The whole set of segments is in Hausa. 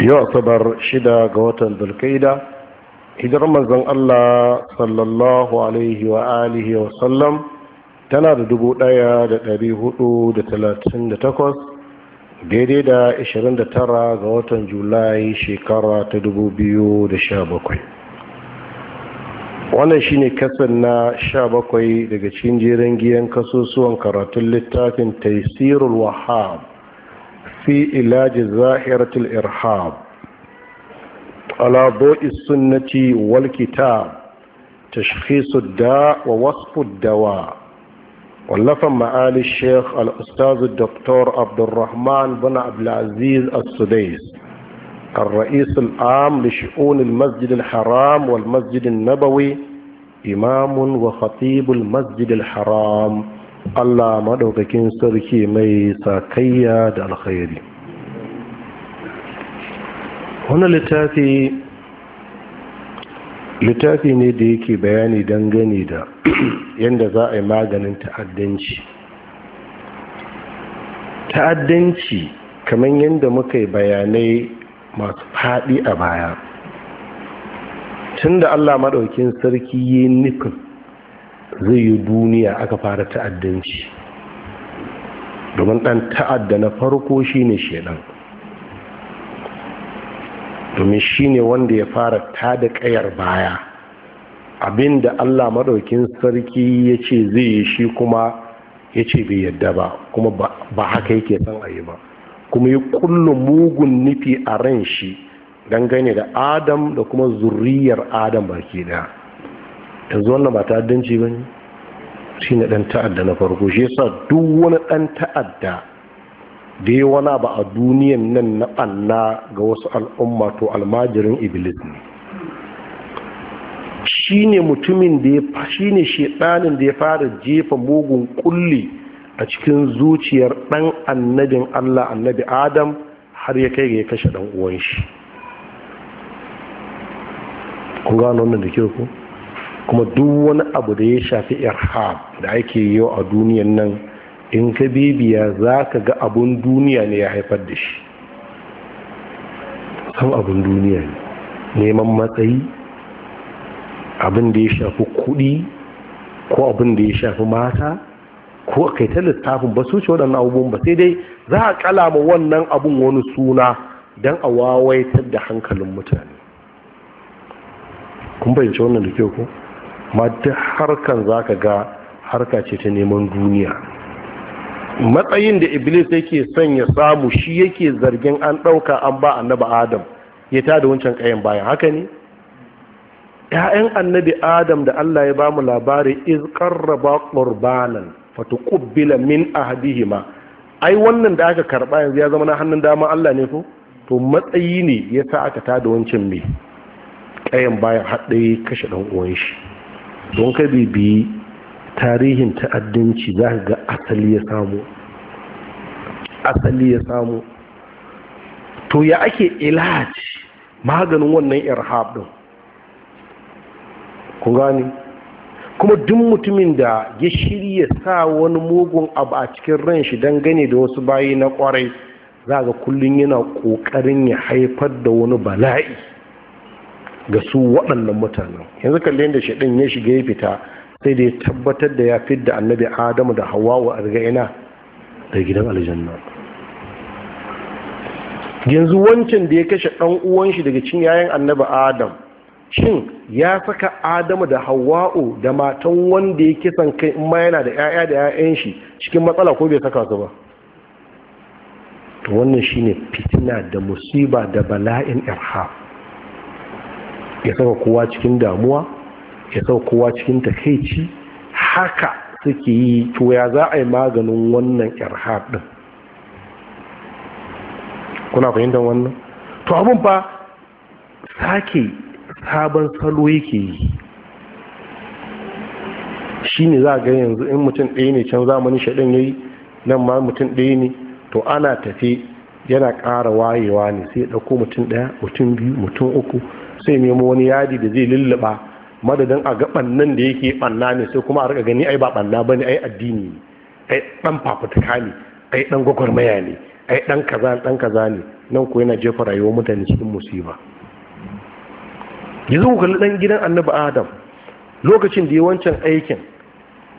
yau asabar shida ga watan dulkaida hijirar manzon Allah sallallahu alaihi wa alihi wa sallam tana da dubu ɗaya da dari hudu da talatin da takwas daidai da ishirin da tara ga watan julai shekara ta dubu biyu da sha bakwai wannan shine kasan na sha bakwai daga cikin jiragen giyan kasusuwan karatun littafin taisirul wahab في علاج ظاهرة الإرهاب على ضوء السنة والكتاب تشخيص الداء ووصف الدواء ولف معالي الشيخ الأستاذ الدكتور عبد الرحمن بن عبد العزيز السديس الرئيس العام لشؤون المسجد الحرام والمسجد النبوي إمام وخطيب المسجد الحرام Allah maɗaukakin sarki mai sakayya da alkhairi wani littafi littafi ne da yake bayani dangane da yadda za a yi maganin ta'addanci ta'addanci kamar yadda muka yi bayanai masu faɗi a baya tun da Allah maɗaukin sarki yi nufin zai yi duniya aka fara ta'addanci domin ɗan ta'adda na farko shine shedan domin shine wanda ya fara tada ƙayar baya abinda Allah maɗaukin sarki ya ce zai yi shi kuma ya ce bai yadda ba kuma ba haka yake son a yi ba kuma ya kulla mugun nufi a ran shi dangane da adam da kuma zurriyar adam baki daya yanzu wannan ba ta'addanci ba ne shi ne ɗan ta'adda na farko shi yasa duk wani ɗan ta'adda da ya wana ba a duniyan nan na ɓanna ga wasu al'umma to almajirin iblis ne shi ne mutumin da ya shi ne shaɗanin da ya fara jefa mugun kulli a cikin zuciyar ɗan annabin allah annabi adam har ya kai ga ya kashe ɗan uwanshi. shi ku wannan da kyau ku kuma duk wani abu da ya shafi irhab da ake yi a duniyan nan in ka bibiya za ka ga abun duniya ne ya haifar da shi kan abun duniya ne neman matsayi abin da ya shafi kuɗi ko abin da ya shafi mata ko a kai ta littafin ba su ce waɗannan abubuwan ba sai dai za a ma wannan abun wani suna don a wawaitar da hankalin mutane kun bayyance wannan da kyau ko ma duk harkan za ka ga harka ce ta neman duniya matsayin da iblis yake son ya samu shi yake zargin an ɗauka an ba annaba adam ya ta da wancan ƙayan bayan haka ne ‘ya'yan annabi adam da allah ya ba mu labari iz ƙarraba ƙurbanan fata ƙubbila min ahadihima ai wannan da aka karɓa yanzu ya zama na hannun dama allah ne ko to matsayi ne ya sa aka ta da wancan mai ƙayan bayan haɗe kashe ɗan uwan shi don ka bibiyi tarihin ta'addanci za ga asali ya samu asali ya samu to ya ake ilaci maganin wannan irhab din ku gani kuma duk mutumin da ya shirya sa wani mugun abu a cikin ran shi dangane da wasu bayi na kwarai za ga kullum yana kokarin ya haifar da wani bala'i ga su waɗannan mutanen yanzu kalli yadda shaɗin ya shiga ya fita sai da ya tabbatar da ya fidda annabi adamu da hawa wa arga ina da gidan aljanna yanzu wancan da ya kashe ɗan uwan shi daga cin yayan annabi adam shin ya saka adamu da hawa'u da matan wanda ya kisan kai in ma yana da 'ya'ya da 'ya'yan shi cikin matsala ko bai saka su ba wannan shine fitina da musiba da bala'in irhaf ya saka kowa cikin damuwa ya saka kowa cikin takaici haka suke yi to ya za a yi maganin wannan irhad din kuna fahimtar wannan to abin fa sake sabon salo yake yi shi ne za ga yanzu in mutum ɗaya ne can zamanin shaɗin ya yi nan ma mutum ɗaya ne to ana tafi yana ƙara wayewa ne sai ɗauko mutum ɗaya mutum biyu mutum uku sai nemo wani yadi da zai lulluba madadin a ga ɓannan da yake ɓanna ne sai kuma a rika gani ai ba ɓanna ba ne ai addini ne ai ɗan fafutuka ne ai ɗan gwagwarmaya ne ai ɗan kaza ɗan kaza ne nan ko yana jefa rayuwar mutane cikin musiba yanzu ku kalli ɗan gidan annabi adam lokacin da ya wancan aikin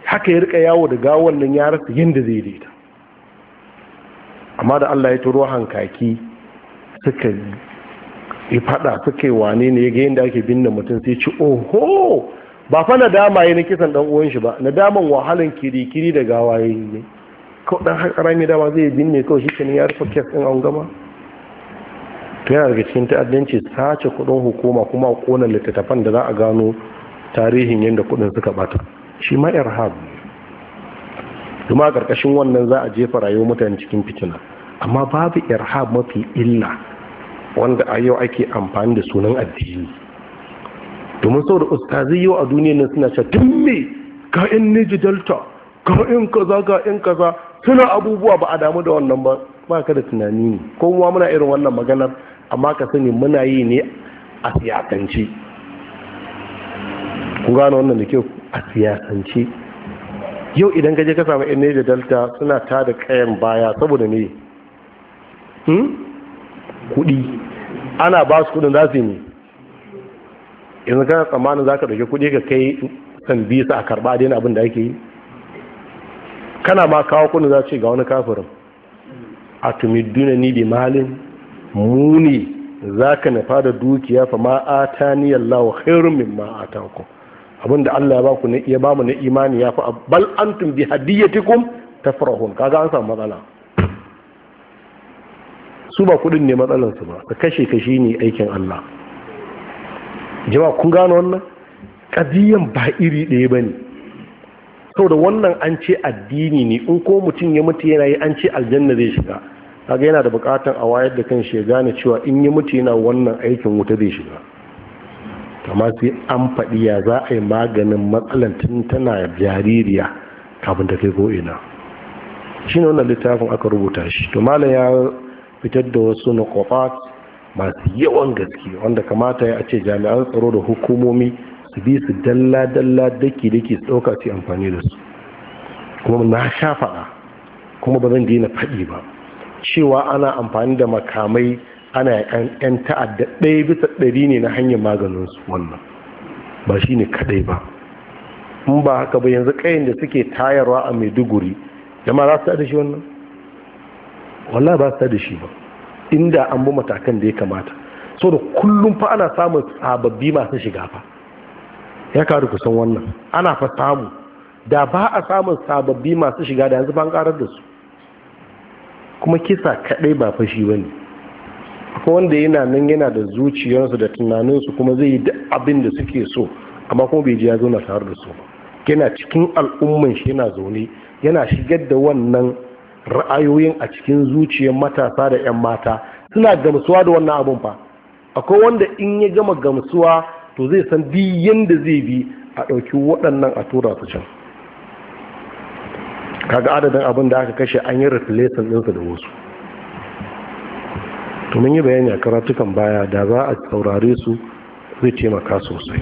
haka ya rika yawo da gawon nan ya rasa yadda zai daita amma da allah ya turo hankaki suka ya fada suka yi wane ne ya ga yadda ake binne mutum sai ci oho ba fa na dama yi na kisan dan uwan shi ba na daman wahalan kirikiri da gawa ya yi ne kawai dan hakara mai dama zai binne kawai shi kenan ya rufe kes din an gama to yana daga cikin ta'addanci sace kudin hukuma kuma kona littattafan da za a gano tarihin yadda kudin suka bata shi ma irhab kuma a karkashin wannan za a jefa rayuwar mutane cikin fitina amma babu irhab mafi illa wanda a yau ake amfani da sunan addini domin sau da ustazi yau a duniya nan suna sha tun me ka in niji delta ka in kaza ka in kaza suna abubuwa ba a damu da wannan ba ba ka da tunani ne ko muwa muna irin wannan maganar amma ka sani muna yi ne a siyasance ku gano wannan da ke a siyasance yau idan gaje ka samu in niji delta suna tada kayan baya saboda ne. kuɗi ana ba su kuɗin za su yi yanzu kana tsammanin za ka ɗauki kuɗi ka kai san bisa a karɓa daina abin da ake yi kana ma kawo kuɗin za ce ga wani kafirin a duna ni bi malin muni za ka nufa da dukiya fa ma ata ni yallahu khairun ku abin abinda Allah ya ba ku ya ba mu na imani ya fa bal antum bi hadiyatikum tafrahun kaga an samu matsala su ba kudin ne matsalarsu ba ka kashe ka shi ne aikin Allah jama'a kun gano wannan ƙadiyan ba iri ɗaya ba ne Sau da wannan an ce addini ne in ko mutum ya mutu yana yi an ce aljanna zai shiga kaga yana da buƙatar a wayar da kan shi ya gane cewa in ya mutu yana wannan aikin wuta zai shiga amma sai an faɗi ya za a yi maganin matsalan tun tana jaririya kafin ta kai ko ina shi ne wannan littafin aka rubuta shi to malam ya fitar da wasu nukwafat masu yawan gaske wanda kamata ya ce jami'an tsaro da hukumomi su bi su dalla-dalla daki-daki su ɗauka su amfani da su kuma na sha faɗa kuma ba zan daina faɗi ba cewa ana amfani da makamai ana yan ta'adda ɗaya bisa ɗari ne na hanyar maganinsu wannan ba shi ne kaɗai ba in ba haka ba yanzu ƙayin da suke tayarwa a maiduguri jama'a za su ta'adda shi wannan wallah ba su da shi ba inda an bi matakan da ya kamata so da kullum fa ana samun sababbi masu shiga fa ya karu kusan wannan ana fa samu da ba a samun sababbi masu shiga da yanzu ban karar da su kuma kisa kadai ba fashi ba ne akwai wanda yana nan yana da zuciyarsu da tunaninsu kuma zai yi abin da suke so amma kuma bai ji ya zauna tare da su ba yana cikin al'umman shi yana zaune yana shigar da wannan ra'ayoyin a cikin zuciyar matasa da 'yan mata suna gamsuwa da wannan abin fa akwai wanda in ya gama gamsuwa to zai san bi yadda zai bi a ɗauki waɗannan a tura su can kaga adadin abin da aka kashe an yi replacement ɗinsa da wasu to mun yi bayani a karatukan baya da za a saurare su zai taimaka sosai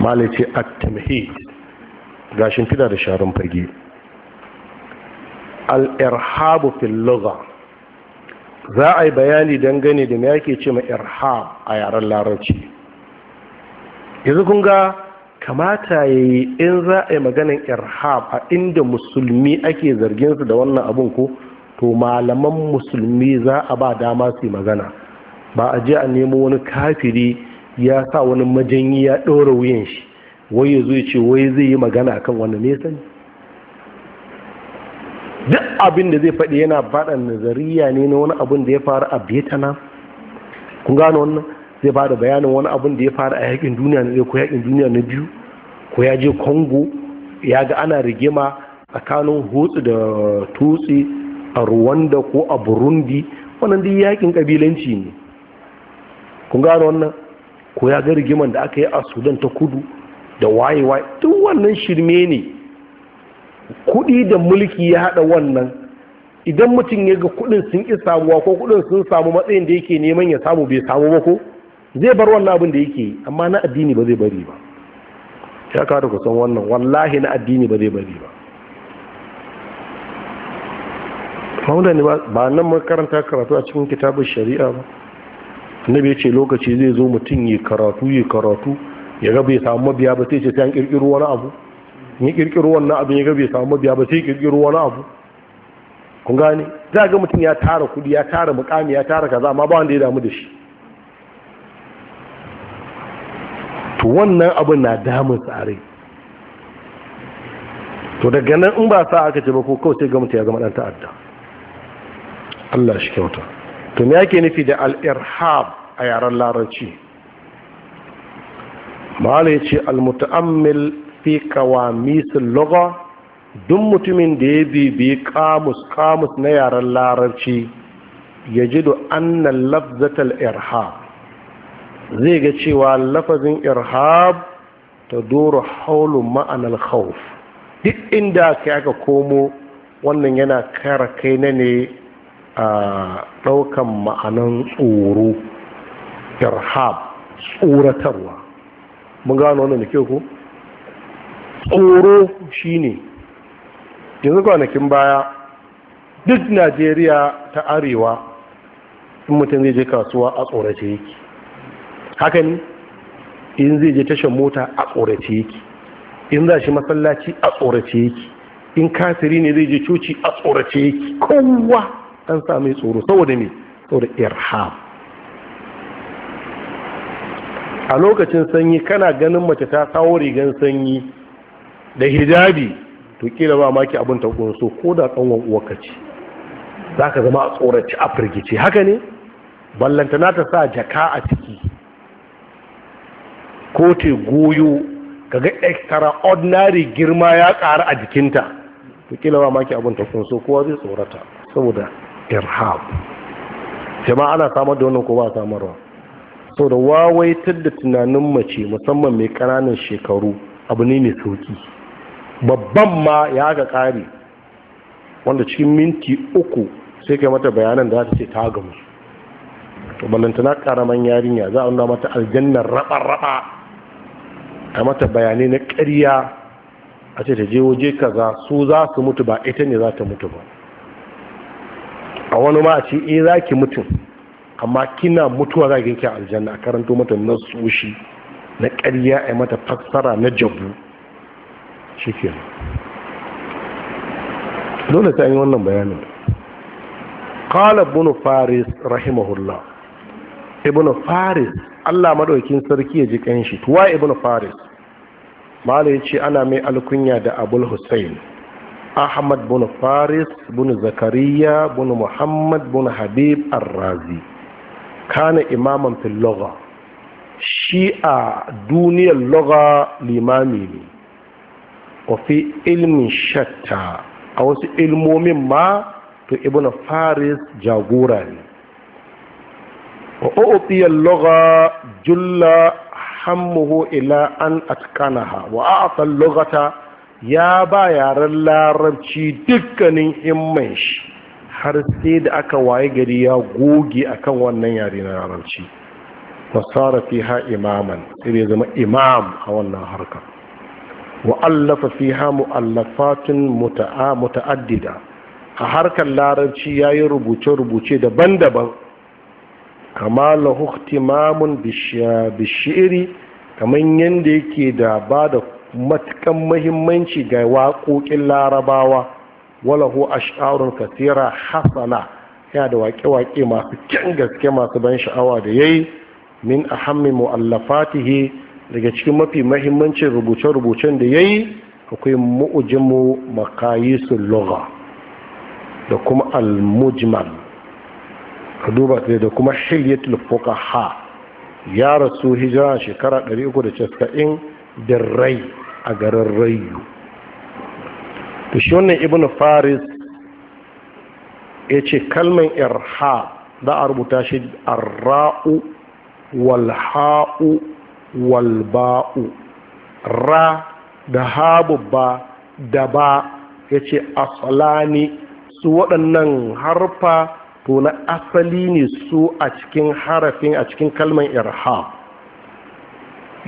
malice at-tamhid gashin fida da sharan fage al-irhabu fil za a yi bayani dangane da me yake ce ma irhab a yaren larabci yanzu kun ga kamata yayi in za a yi maganan irhab a inda musulmi ake zargin su da wannan abun ko to malaman musulmi za a ba dama su magana ba a je a nemo wani kafiri ya sa wani majanyi ya ɗora wuyan shi wai ya zo ya ce wai zai yi magana akan wannan ne sani duk abin da zai faɗi yana bada nazariya ne na wani abin da ya faru a vietnam kun gano wannan zai bada bayanin wani abin da ya faru a yakin duniya na ko yakin duniya na biyu ko ya je congo ya ga ana rigima tsakanin hutu da tutsi a rwanda ko a burundi wannan duk yakin kabilanci ne kun gano wannan ko ya ga rigiman da aka yi a sudan ta kudu da waye waye duk wannan shirme ne kuɗi da mulki ya haɗa wannan idan mutum ya ga kuɗin sun ƙi samuwa ko kuɗin sun samu matsayin da yake neman ya samu bai samu ba ko zai bar wannan abin da yake amma na addini ba zai bari ba ya kawo ku san wannan wallahi na addini ba zai bari ba fauda ne ba nan makaranta karatu a cikin kitabun shari'a ba annabi ya ce lokaci zai zo mutum ya karatu ya karatu ya ga bai samu mabiya ba sai ce sai an kirkiro wani abu ya kirkiro wannan abin ya bai samu biya ba sai kirkiro wani abu kun gane za ga mutum ya tara kudi ya tara mukami ya tara kaza amma ba wanda ya damu da shi to wannan abin na damun tsare to daga nan in ba sa aka ce ba ko kawai sai ga mutum ya gama dan ta'adda Allah shi kyauta to me yake nufi da al-irhab a yaren larabci malai ce al-muta'ammil fi kawamisul lugha duk mutumin da ya bibi kamus kamus na yaren larabci ya ji da annan lafzatal irhab zai ga cewa lafazin irhab ta doro haulun ma'anar khawf duk inda ka aka komo wannan yana kara kai na ne a ɗaukan ma'anan tsoro irhab tsoratarwa mun gano wannan da ke ku? tsoro shine yanzu kwanakin baya duk najeriya ta arewa in mutum zai je kasuwa a tsorace yake haka ne in zai je tashar mota a tsorace yake in za shi masallaci a tsorace yake in kasiri ne zai je coci a tsorace yake kowa an sami tsoro saboda mai saboda irham a lokacin sanyi kana ganin mace ta kawo rigan sanyi da hijabi to kila ba maki abin ta kunso ko da kanwan uwarka ce za ka zama a tsoraci a firgice haka ne na ta sa jaka a ciki ko te goyo kaga extraordinary girma ya ƙara a jikinta to kila ba maki abin ta kunso kowa zai tsorata saboda irhab jama'a ana samar da wannan ko ba samarwa sau da wawaitar da tunanin mace musamman mai ƙananan shekaru abu ne mai sauki babban ma ya ga ƙari wanda cikin minti uku sai kai mata bayanan da za ta ce ta gamu to ballantana karaman yarinya za a nuna mata aljannar raba-raba a mata bayanai na ƙarya a ce ta je waje kaza su za su mutu ba ita ne za ta mutu ba a wani ma a ce eh za ki mutu, amma kina mutuwa za ki aljanna a karanto mata nasoshi na ƙarya a mata fassara na jabu cikin dole ta yi wannan bayanin kala bunu faris rahimahullah ibn faris allah maɗaukin sarki ya ji kanshi tuwa ibn faris mala ce ana mai alkunya da abul hussein ahmad bin faris bin zakariya bin muhammad bin habib arrazi kana imaman filoga. shi a duniyar loga limami ne wa ilmin shatta a wasu ilmomin ma to ibn faris jagora ne wa u'tiyal julla hammuhu ila an atkanaha wa a'ta logata ya ba yaren larabci dukkanin himman shi har sai da aka waye gari ya goge akan wannan yare na larabci fasara ha imaman sai zama imam a wannan harkar wa ha fiha mu'allafatun muta'addida a harkar larabci yi rubuce-rubuce daban-daban kama lahu ihtimamun bishiri kamar yadda yake da ba da matukan mahimmanci ga waƙoƙin larabawa walahu ash'arun kasira hasana ya da waƙe-waƙe masu kyan gaske masu ban sha'awa da ya yi, min a ahammi mu'allafatihi daga cikin mafi mahimmancin rubuce-rubucen da ya yi akwai mu'ujimu makayisun Loga da kuma al-mujmal ka duba ta da kuma hilyatul fukaha ya rasu hijira shekara 390 da rai a garin rayu da shi wannan ibnu faris ya ce kalman irha za a rubuta shi arra'u walha'u wal ba'u ra da habubba da ba ya ce asalani su waɗannan harfa to na asali ne su a cikin harafin a cikin kalman irham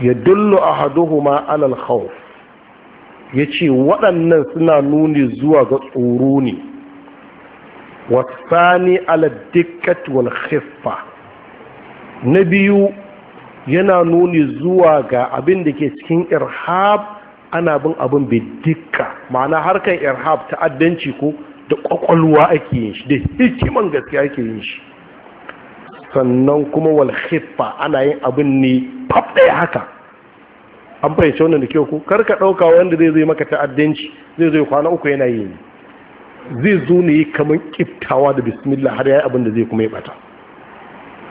ya dullu a haduhuma alal khawf ya ce waɗannan suna nuni zuwa ga tsoro ne wasani ala dikkat wal khiffa na biyu yana nuni zuwa ga abin da ke cikin irhab ana bin abin bai dika ma'ana harkar irhab ta'addanci ko da kwakwalwa ake yin shi da hikiman gaske ake yin shi sannan kuma wal ana yin abin ne fab haka an fahimci wannan da kyau ko ka ɗauka wanda zai zai maka ta'addanci zai zai kwana uku yana yi zai zo ne kamar kiftawa da bismillah har yayi abin da zai kuma ya bata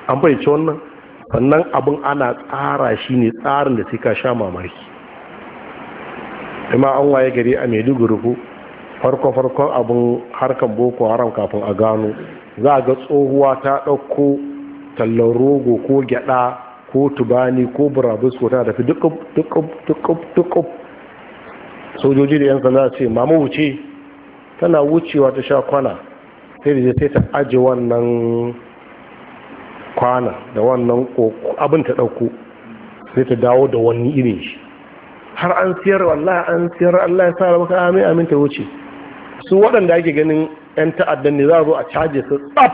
an fahimci wannan sannan abin ana tsara shi ne tsarin da suka sha mamaki ima an waye gari a maiduguri ko farko-farkon abin harkan boko haram kafin a gano za a ga tsohuwa ta ɗauko tallar rogo ko gyada ko tubani ko burabus ko ta dafi dukub-dukub-dukub sojoji da 'yan sanda ce mama wuce tana wucewa ta sha kwana sai da sai ta aji wannan kwana da wannan abin ta ɗauko sai ta dawo da wani irin shi har an siyar wallah an siyar Allah ya sa maka amin amin ta wuce su waɗanda ake ganin 'yan ta'addan ne za a zo a caje su tsaf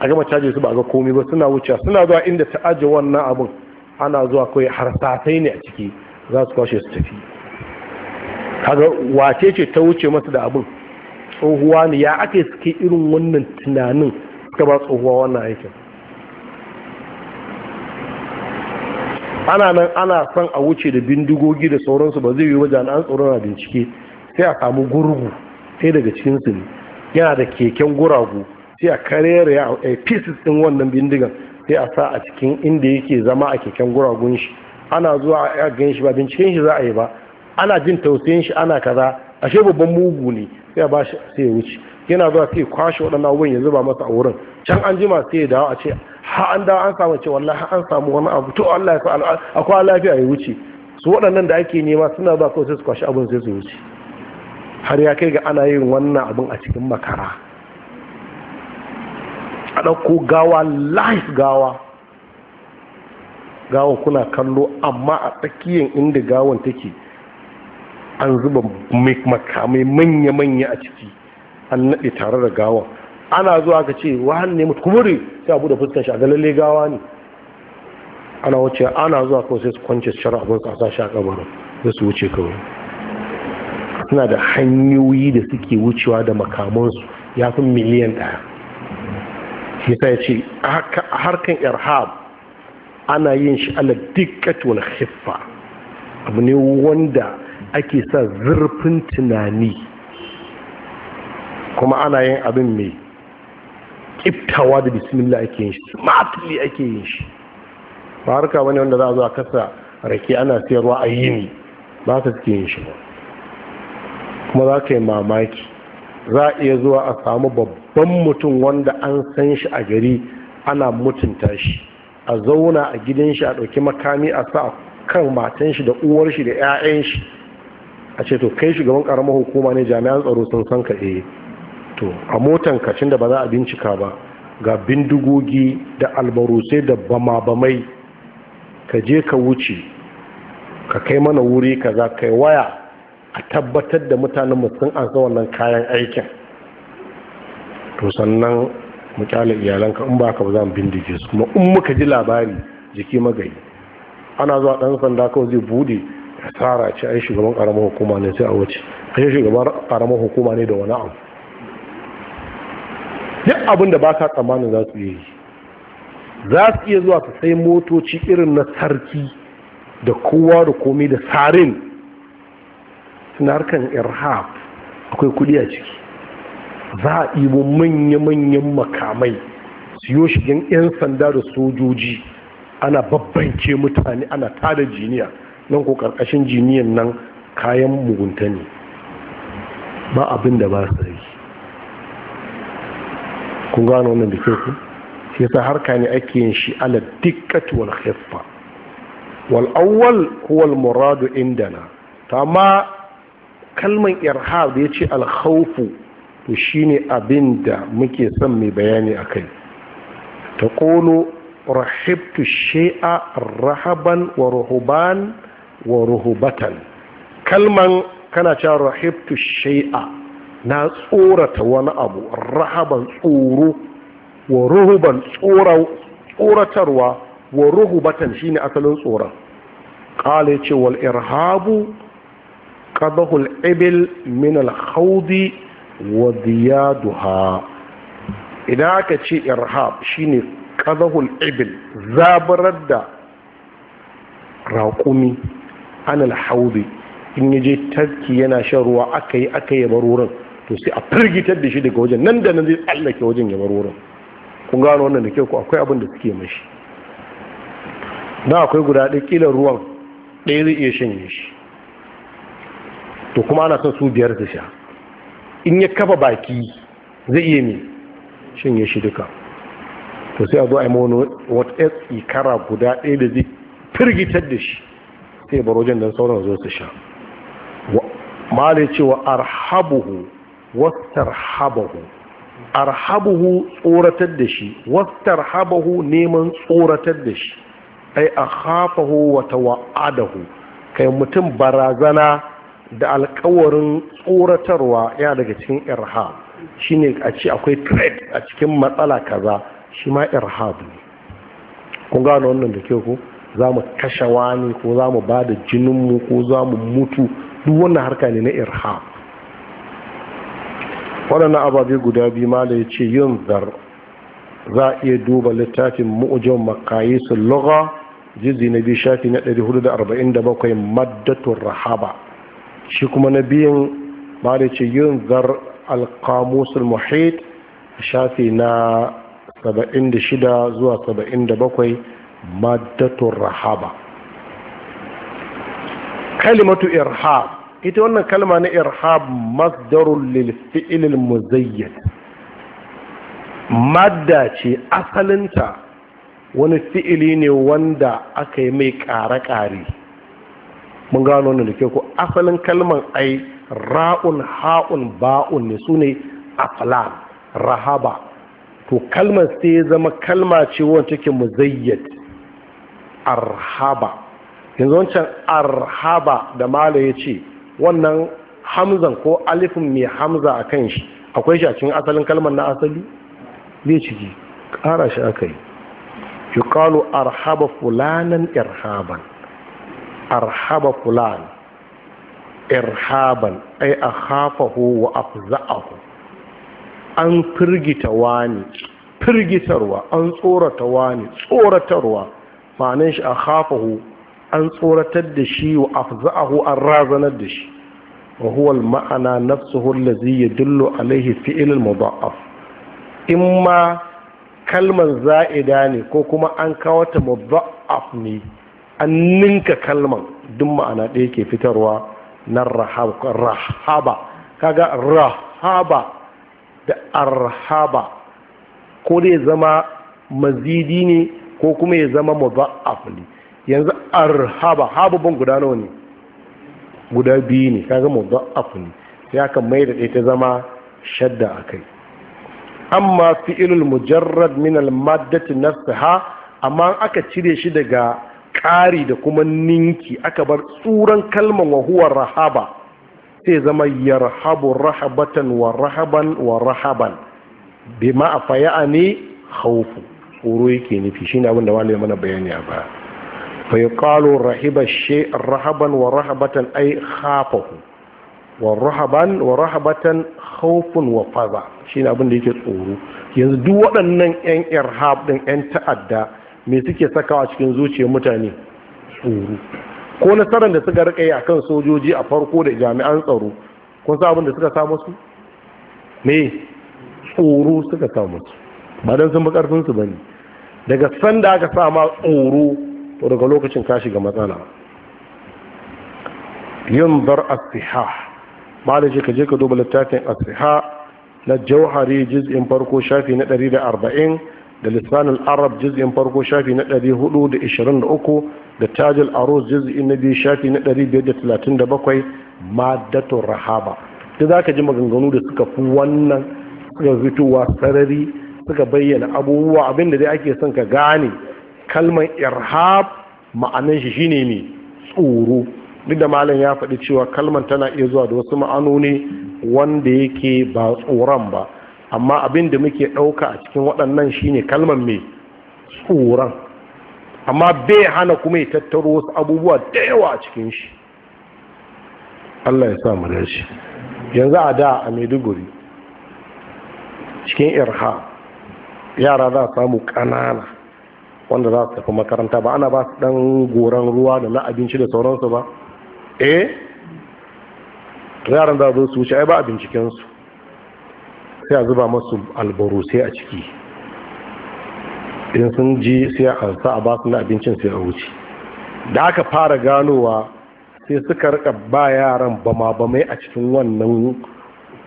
a gama caje su ba ga komai ba suna wuce suna zuwa inda ta aje wannan abin ana zuwa kai har satai ne a ciki za su kwashe su tafi kaga wace ce ta wuce masa da abin tsohuwa ne ya ake suke irin wannan tunanin suka ba tsohuwa wannan aikin ana nan ana son a wuce da bindigogi da sauransu ba zai yi an an tsoron a bincike sai a samu gurgu sai daga cikinsu ne yana da keken guragu sai a karere a pieces din wannan bindigan sai a sa a cikin inda yake zama a keken guragun shi ana zuwa a gan shi ba binciken shi za a yi ba ana jin tausayin shi ana kaza ashe babban mugu ne sai a ba shi sai ya wuce yana zuwa sai kwashe waɗannan abubuwan ya zuba masa a wurin can an jima sai ya dawo a ce ha an dawo an samu ce wallahi an samu wani abu to Allah ya sa akwai lafiya ya wuce su waɗannan da ake nema suna zuwa kawai sai su kwashe abin sai su wuce har ya kai ga ana yin wannan abin a cikin makara a ɗauko gawa life gawa gawon kuna kallo amma a tsakiyar inda gawon take an zuba makamai manya-manya a ciki an naɗe tare da gawa. ana zuwa ka ce wahan ne mutu kumuri sai abu da fuskar shi a gawa ne ana wuce ana zuwa kawai sai su kwance su shara abin kasa shi a kabarin da su wuce kawai suna da hanyoyi da suke wucewa da makamansu ya fi miliyan ɗaya shi sai ce a harkan irhab ana yin shi ala dikkat hiffa abu ne wanda ake sa zurfin tunani kuma ana yin abin mai kiftawa da bismillah ake yin shi matuli ake yin shi ba harka wani wanda za a zo a kasa rake ana sayarwa a yini ba ka suke yin shi ba kuma za ka yi mamaki za a iya zuwa a samu babban mutum wanda an san shi a gari ana mutunta shi a zauna a gidan shi a ɗauki makami a sa kan matan shi da uwar shi da 'ya'yan shi a ce to kai shi gaban ƙaramar hukuma ne jami'an tsaro sun san ka eh. to a motan kacin da ba za a bincika ba ga bindigogi da albarusai da bama-bamai ka je ka wuce ka kai mana wuri ka za kai waya a tabbatar da mutanen mutum an wannan kayan aikin to sannan mu iyalanka in ba ka ba za mu bindige su kuma in muka ji labari jiki magayi ana zuwa ɗan sanda kawai zai bude ya tsara ce ai shugaban karamar hukuma ne sai a wuce ai shugaban karamar hukuma ne da wani abu duk abin da ba ka tsammanin za su yi za su iya zuwa su sai motoci irin na sarki da kowa da komai da sarin suna 'yar irhab akwai kudi a ciki za a ibo manya-manyan makamai su yi shigin 'yan sanda da sojoji ana babbanke mutane ana tada jiniya nan ko karkashin jiniyan nan kayan mugunta ne ba abin da ba su kun gano wannan da kyau shi yasa harka ne ake yin shi ala dikkat wal khiffa wal awwal huwa al murad indana to amma kalman irhab da yace al khawf to shine abinda muke son mai bayani akai ta qulu rahibtu shay'a rahaban wa ruhuban wa ruhubatan kalman kana cewa rahibtu shay'a na tsorata wani abu rahaban tsoro wa ruhuban tsoratarwa wa ruhubatan shine asalin tsoron ƙale ce wal irhabu qadahul ibil min al khawdi wa diyaduha idan aka ce irhab shine qadahul ibil zabarar da raƙumi an al in yaje tarki yana shan ruwa aka yi aka yi to sai a firgitar da shi daga wajen nan da nan zai tsallake wajen ya bar wurin kun gano wannan da kyau ko akwai abin da suke mashi na akwai guda ɗaya ruwan ɗaya zai iya shanye shi to kuma ana son su biyar da sha in ya kafa baki zai iya mai shanye shi duka to sai a zo a yi wani wata ikara guda ɗaya da zai firgitar da shi sai bar wajen don sauran zo su sha malai cewa arhabuhu wastar habahu arhabuhu tsoratar da shi wastar habahu neman tsoratar da shi ai a hafahu wata wa'adahu kai mutum barazana da alkawarin tsoratarwa ya daga cikin irhab shine a ce akwai threat a cikin matsala kaza shi ma irhab ne kun gano wannan da ke ku za mu kashe wani ko za mu ba da jininmu ko za mu mutu duk wannan harka ne na irha. waɗannan ababe guda biyu mala ya ce yin zar za a iya duba littafin mu'ujan su lugha jizi na biyu shafi na 447 maddatun rahaba shi kuma na biyun mala ya ce yin zar alkamusul muhit shafi na 76 zuwa 77 maddatun rahaba kalimatu irhab ita wannan kalma na irhab masdarul lil fi'l al muzayyad madda ce asalinta wani fi'ili ne wanda aka yi mai ƙare-ƙare mun gano wannan da ke ko asalin kalman ai ra'un ha'un ba'un ne su ne aflan rahaba to kalmar sai zama kalma ce wanda take muzayyad arhaba yanzu wancan arhaba da mala ya ce wannan hamzan ko alifin mai hamza a kan shi akwai shi a cikin asalin kalmar na asali zai ciki ƙara shi aka yi yi kalu arhaba fulanan irhaban arhaba fulan irhaban ai a hafahu wa afza'ahu an firgita wani firgitarwa an tsoratawa ne tsoratarwa ma'anin shi a hafahu an tsoratar da shi wa afza'ahu an razanar da shi wa huwa ma'ana nafsuhu allazi yadullu alaihi fi'l al-mudha'af imma kalman za'ida ne ko kuma an kawo ta mudha'af ne an ninka kalman duk ma'ana ɗaya ke fitarwa na rahaba kaga rahaba da arhaba ko dai zama mazidi ne ko kuma ya zama mudha'af ne yanzu arhaba hababin guda nawa ne guda biyu ne kaga afu ne sai aka mai da ta zama shadda a kai. amma fi'ilul mujarrad min al-maddati nafsaha amma aka cire shi daga ƙari da kuma ninki aka bar tsuran kalman wa huwa rahaba sai zama yarhabu rahabatan wa rahaban wa rahaban bima ne khawfu tsoro yake nufi shine abin da wani mana bayani a baya fa yuqalu rahiba shay rahaban wa rahabatan ay khafahu wa rahaban wa rahabatan khawfun wa faza shine abin da yake tsoro yanzu duk waɗannan yan irhab din yan ta'adda me suke sakawa cikin zuciyar mutane tsoro ko nasarar da suka rika yi akan sojoji a farko da jami'an tsaro kun sa abin da suka samu su me tsoro suka samu su ba don sun bi karfin su bane daga sanda aka sama tsoro to daga lokacin ka shiga matsala yin bar asiha ba da ka je ka duba littafin asiha na jauhari jiz'in farko shafi na 140 da lisanin arab jiz'in farko shafi na 423 da tajil arus jiz'in na biyu shafi na 537 madatun rahaba ta za ka ji maganganu da suka fi wannan suka fitowa sarari suka bayyana abubuwa abinda dai ake son ka gane kalmar irhab ma'anin shi shine ne tsoro duk da malam ya faɗi cewa kalmar tana iya zuwa da wasu ma'anoni wanda yake ba tsoron ba amma abin da muke ɗauka a cikin waɗannan shine kalmar mai tsoron amma bai hana kuma ya tattaro wasu abubuwa da yawa a cikin shi Allah ya sa mu dace yanzu a da a Maiduguri cikin irha yara za a samu ƙanana wanda za su tafi makaranta ba ana ba su dan goran ruwa da na abinci da sauransu ba eh yaran za zuwa su wuce ai ba a sai a zuba masu albaro sai a ciki in sun ji sai a ansa a ba su na abincin sai a wuce da aka fara ganowa sai suka rika ba yaran bama bamai a cikin wannan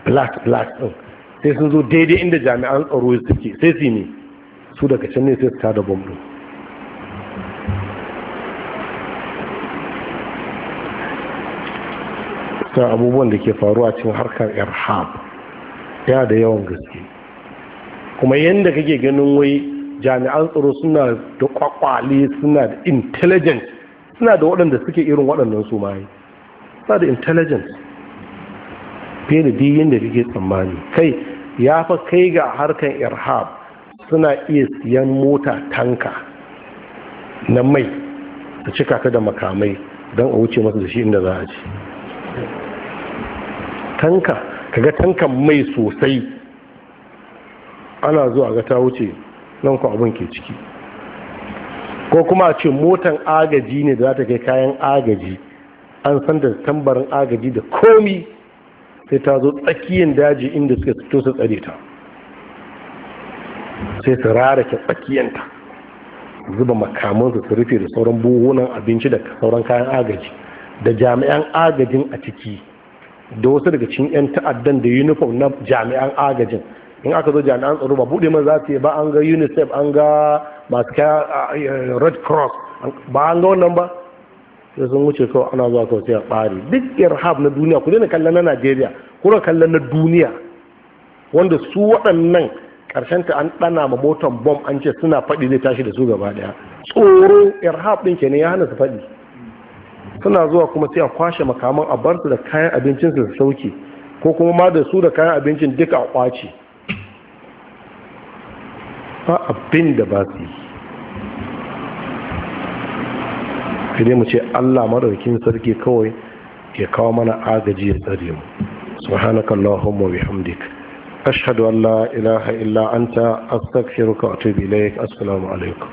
black black din sai sun zo daidai inda jami'an tsaro suke sai su ne su daga can ne sai su tada bombo ta abubuwan da ke faruwa cikin harkar irhab ya da yawan gaske kuma yadda kake ganin wai jami'an tsaro suna da kwakwale suna da intelligent suna da waɗanda suke irin waɗannan su ma suna da intelligence fiye da yadda da kake tsammani kai ya fa kai ga harkar irhab suna iya siyan mota tanka na mai a cika ta da makamai don a wuce masu da shi inda za a ci tanka kaga tankan mai sosai ana zuwa ga ta wuce nan ku abin ke ciki ko kuma a ce motan agaji ne da za ta kai kayan agaji an san da tambarin agaji da komi sai ta zo tsakiyar daji inda suka fito su tsare ta sai su ke tsakiyanta zuba makamansu su rufe da sauran buhunan abinci da sauran kayan agaji da jami'an agajin a ciki da wasu daga cikin 'yan ta'addan da uniform na jami'an agajin in aka zo jami'an tsaro ba buɗe man za su yi ba an ga unicef an ga masu kaya red cross ba an ga wannan ba sai sun wuce kawai ana zuwa kawai a ɓare duk hab na duniya ku daina kallon na najeriya kuna kallon na duniya wanda su waɗannan ta an ɗana ma motan bom an ce suna faɗi zai tashi da su gaba ɗaya tsoro irhab ɗin kenan ya hana su faɗi suna zuwa kuma sai a kwashe makaman a bar su da kayan abincin su sauki, ko kuma ma da su da kayan abincin duka a kwace ba abin da ba su yi mu ce Allah maɗaukin sarki kawai ke kawo mana agaji ya tsare mu subhanakallahumma wa bihamdika ashhadu an ilaha illa anta Asak astaghfiruka wa atubu ilaik assalamu alaikum